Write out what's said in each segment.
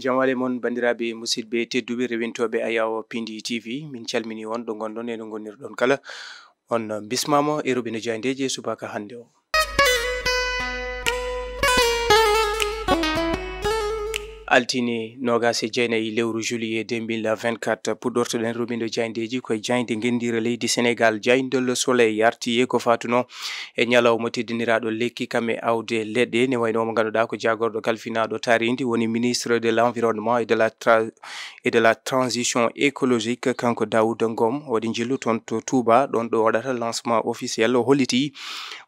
jamale mon bandiraɓe musidɓe tedduɓe rewintoɓe ayawo pindi tv min calmini won ɗo gonɗon eno gonirɗon kala on bismama e rubino diaydeje subaka hande o altini nogase jeenayi e lewru juillet e deux mille vingt quatre puɗɗortoɗen rumindo jayndeji koye jayde gendira leydi sénégal jayndol soleil yarti ye ko fatuno e ñalawma teddiniraɗo lekki kam e awde leɗɗe ne wayno omo ganduɗa ko jagorɗo kalfinaɗo tarindi woni ministre de l' environnement et de la tra et de la transition écologique kanko daoud gom waɗi jillu toon to touba ɗon ɗo waɗata lancement officiel o holiti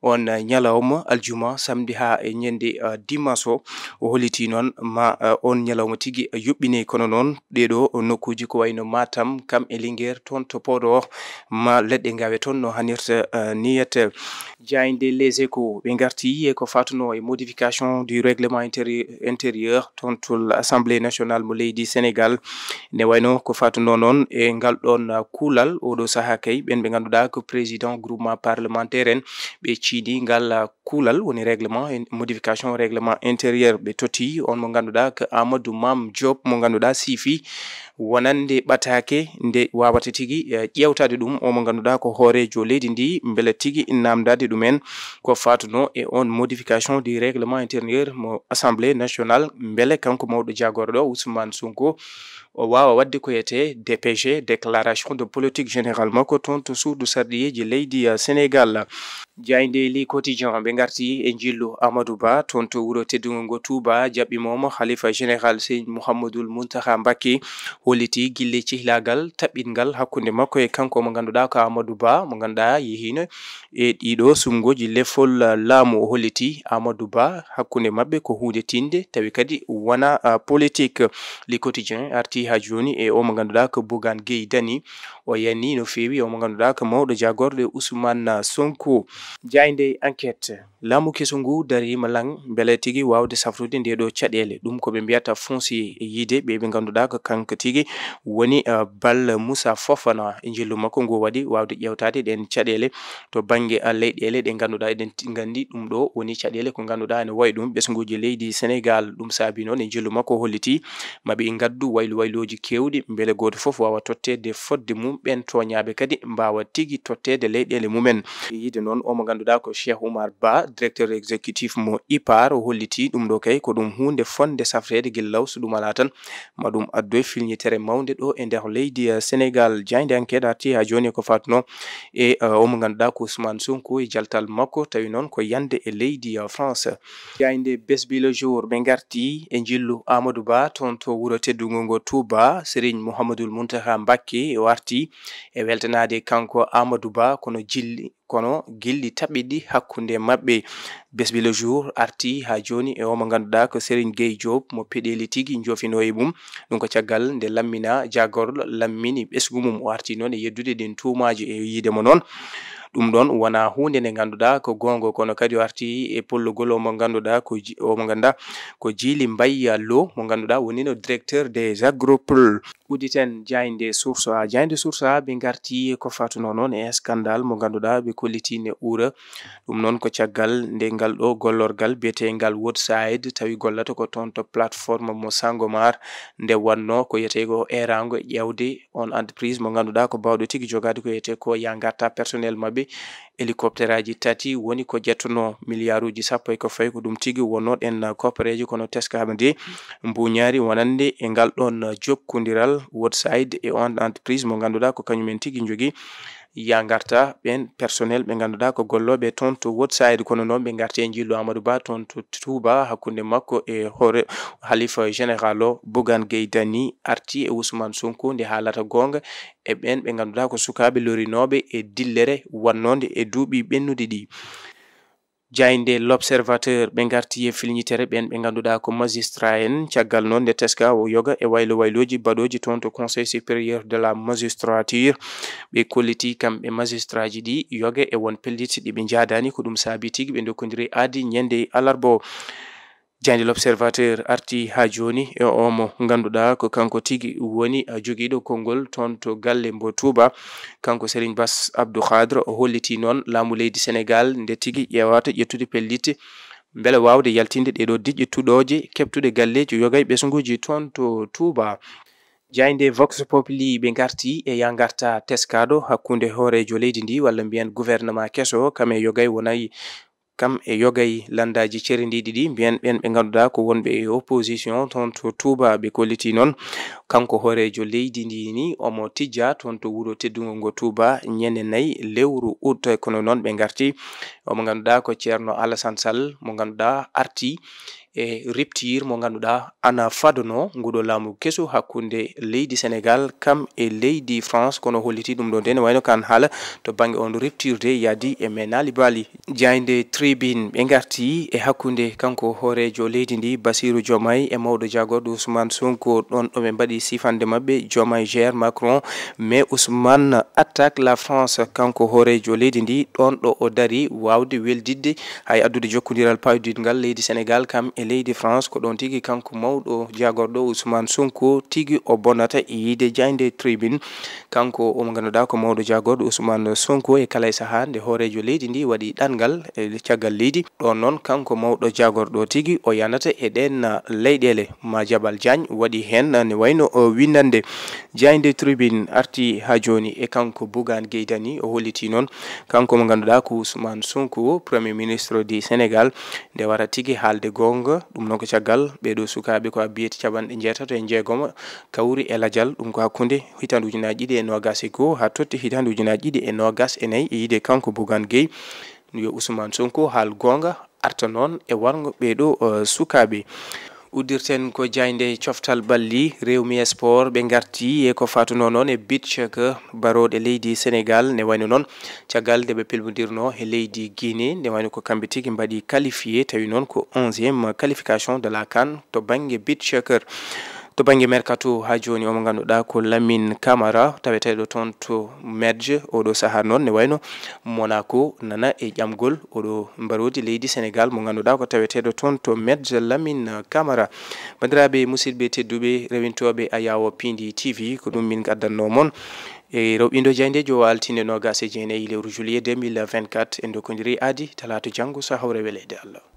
on ñalawma aljuma samedi ha e ñande uh, dimas o o holiti noon ma o uh, on ñalawma tigi yuɓɓini kono noon ɗeɗo nokkuji ko wayno matam kam e linguére toon to poɗo ma leɗɗe gawe toon no hanirta euh, niyat jayde les éco ɓe garti e ko fatuno e modification du règlement intérieur toon tol assemblée nationale mo leydi sénégal ne wayno ko fatuno noon e ngal ɗon kuulal oɗo saha kay ɓen ɓe ngannduɗa ko président groupement parlementaire en ɓe ciidi ngal kuulal woni règlement modification règlement intérieur ɓe totti on mo ngannduɗa ko amadou mam job mo ganduɗa sifi wonande batake nde wawata tigi eh, ƴewtade dum o mo ganduɗa ko hoorejo Namda ndi mbele tigi namdade en ko fatuno e on modification du règlement intérieur mo assemblée nationale mbele kanko mawdo jagordo ousmane sonko o wawa wadde ko yete dpg déclaration de politique générale ko Tonto to suudu sarɗiyeji leedi eh, sénégal li quotidien be ngarti e jillu amadou ba tonto wuro touba halifa général seygne mouhammadoul mountaha mbacke holliti guille cehlagal taɓɓitgal hakkunde makko e kanko mo ganduɗa ko amadou ba mo ganduɗa yehino e ɗiɗo sumgoji lefol laamu o holliti amadou ba hakkunde mabɓe ko hunde tinde tawi kadi wona politique le quotidien arti ha joni e o mo ganduɗa ko bogan gueye dani o yani no fewi o mo ganduɗa ko mawɗo jagorɗo ousmane sonko jayde enquête laamu keso ngu darima lan beele tigui wawde safrude nde ɗo caɗele ɗum koɓe mbiyata wiyata fonci yide ɓe ɓe ganduɗa ko kanko tigui woni e, balla moussa fofana jillu makko ngo waɗi wawde ƴewtade ɗen caɗele to banggue leyɗele ɗe ganduɗa eɗen gandi ɗum ɗo woni caɗele ko ganduɗa ene wayi ɗum ɓesguji leydi sénégal ɗum saabi noon e jillu makko holliti maɓe gaddu waylu wayloji kewɗi beele goto foof wawa tottede fodde mum ɓen toñaɓe kadi mbawa tigui tottede leyɗele mumen yide noon omo ganduɗa ko cheikh oumar ba directeur exécutif mo ipar holliti ɗum ɗo kay ko ɗum hunde fonde safrede guillaw so ɗum ala tan ma ɗum addoy filñitere mawde ɗo e nder leydi eh, sénégal diaynde en keɗati ha joni e ko fatno e uh, omo ganduɗa ko ousmane sonko e jaltal makko tawi noon ko yande e leydi eh, france diaynde besbile jour ɓe garti e jillu amadou ba toon to wuuro teddugol ngo touba sérigne mouhamadoul mountaha mbakke e warti e weltanade kanko amadou ba kono jilli kono gilɗi taɓiɗi hakkunde maɓɓe besbi le jour arti ha joni e omo ganduɗa ko sérin gueye diob mo peɗeli tigui jofinoye mum ɗum ko caggal nde lammina jagorɗo lammini ɓesgu mum o arti noon e yeddude ɗin tumaji e yidemo noon ɗum ɗon wona hunde nde ganduɗa ko gongo kono kadi o arti e pollugol omo ganduɗa ko omo ganduɗa ko jiili mbayya lo mo ganduɗa woni no directeur des agropol udditen jayde source a jayde source a ɓe garti ko fatuno noon e scandale mo ganduɗa ɓe kolliti ne ura ɗum noon ko caggal nde ngal ɗo gollorgal biyetegal wood side tawi gollata ko toon to plateforme mo sango mar nde wanno ko yiyete ko erango e ƴewde on entreprise mo ganduɗa ko bawɗo tigui jogade ko yiyete ko ya garta personnel mabɓe hélicoptére aji tati woni ko jettuno milliardeuji sappo e ko fawi ko ɗum tigui wonnoɗen copareji kono teskaɓe nde mbuñaari wonande e ngal ɗon jokkodiral wodside e on entreprise mo ganduɗa ko kañumen tigui jogui ya garta ɓen personnel ɓe ganduɗa ko golloɓe toon to wotsaide kono noon ɓe garte jillu amadou ba toon to touba hakkunde makko e hoore halifa général o bougane guey dani arti e ousmane sonko nde haalata gonga e ɓen ɓe ganduɗa ko sukaɓe lorinoɓe e dillere wannode e duuɓi ɓennude ɗi jayinde l'observateur ɓe garti e filñitere ɓen ɓe ganduɗa ko magistrat en caggal noon nde teska o yoga e waylo wayloji baɗoji toon to conseil supérieur de la magistrature ɓe kolliti kamɓe magistrat ji ɗi yoga e won pelliti ɗiɓe jadani ko ɗum saabi tigui ɓe dokkodiri aadi ñande alarbo jande l' arti ha joni e omo ganduɗa ko kanko tigi woni joguiɗo konngol toon to galle mbo touba kanko sérigne bas abdou khadre o holliti noon laamu leydi sénégal nde tigi ƴewata ƴettude pellitte beele wawde yaltinde ɗeɗo diƴƴe tuɗoje keɓtuɗe galleji yogay ɓesguji toon to tuba jaynde vox populi ɓe garti e ya garta teskaɗo hakkunde hoorejo leydi ndi walla mbiyen gouvernement keso kam yogay wonayi kam e yogay landaji cerendiɗi ɗi mbiyan ɓen ɓe ganduɗa ko wonɓe e opposition toon to touba ɓe kolliti noon kanko hoorejo leydi ndi ni omo tijja toon to wuuro teddugol ngo touba ñande nayyi lewru outto e kono noon ɓe garti omo ganduɗa ko ceerno alassane sall mo ganduɗa arti e riptiyir mo ngannduɗa ana fadano nguɗo laamu keso hakkunde leydi sénégal kam e leydi france kono holliti ɗum ɗo nde ne wayno kan haala to bange on riptirde yaadi e menali baali jaynde tribune ɓe garti e hakkunde kanko hoorejo leydi ndi basirou diomay e mawɗo jagorɗo ousmane sonko ɗon ɗoɓe mbaɗi sifande maɓɓe diomay gér macron mais ousmane attaque la france kanko hoorejo leydi ndi ɗon ɗo o dari wawde weldidde hay addude jokkodiral pawdidgal leydi sénégal kam e leydi france ko ɗon tigi kanko mawɗo jagorɗo ousmane sonko tigi o bonnata e yiide jaynde tribune kanko omo ganduɗa ko mawɗo jagorɗo ousmane sonko e kala e saaha nde hoorejo leydi ndi waɗi ɗangal e caggal leydi ɗon noon kanko mawɗo jagorɗo tigi o yanata e ɗen leyɗele ma jabal diagne waɗi hen ne wayno winnande jaynde tribune arti ha joni e kanko bougane gueydani o holliti noon kanko mo ganduɗa ko ousmane sonko premier ministre du sénégal nde wara tigi haalde gonga jogo ɗum noon ko caggal ɓeɗo sukaɓe ko abiyeti caɓanɗe jeetato e jeegomo kawri e ladial ɗum ko hakkude hitande ujunaji ɗiɗi e nogas e goho ha totti hitande ujunaji ɗiɗi e nogas e nayyi e yiide kanko bougane gueyi yo ousmane sonko haal gonga arta noon e wargo ɓeɗo uh, sukaɓe uddirten ko diaynde coftal balli rewmi sport ɓe garti e ko fatu no noon e bitchke baroɗe leydi sénégal ne wayno noon caggal nde ɓe pilmodirno e leydi guiné nde wayno ko kamɓe tigui mbaɗi qualifié tawi noon ko 1 e qualification de la canne to banggue bitchker to banggue mercato ha joni omo ganduɗa ko lamin camara taweteɗo toon to merje oɗo saaha noon ne wayno monaco nana e ƴamgol oɗo mbarodi leydi sénégal mo ganduɗa ko taweteɗo toon to merje lamin camara bandiraɓe musidɓe tedduɓe rewintoɓe a ayawo pindi tv ko ɗum min gaddanno moon e rewɓindo jayndejo jo altinde nogas e jeenayi lewru juillet 2024 en dokkodiri aadi talata janggo sahawre weleede allah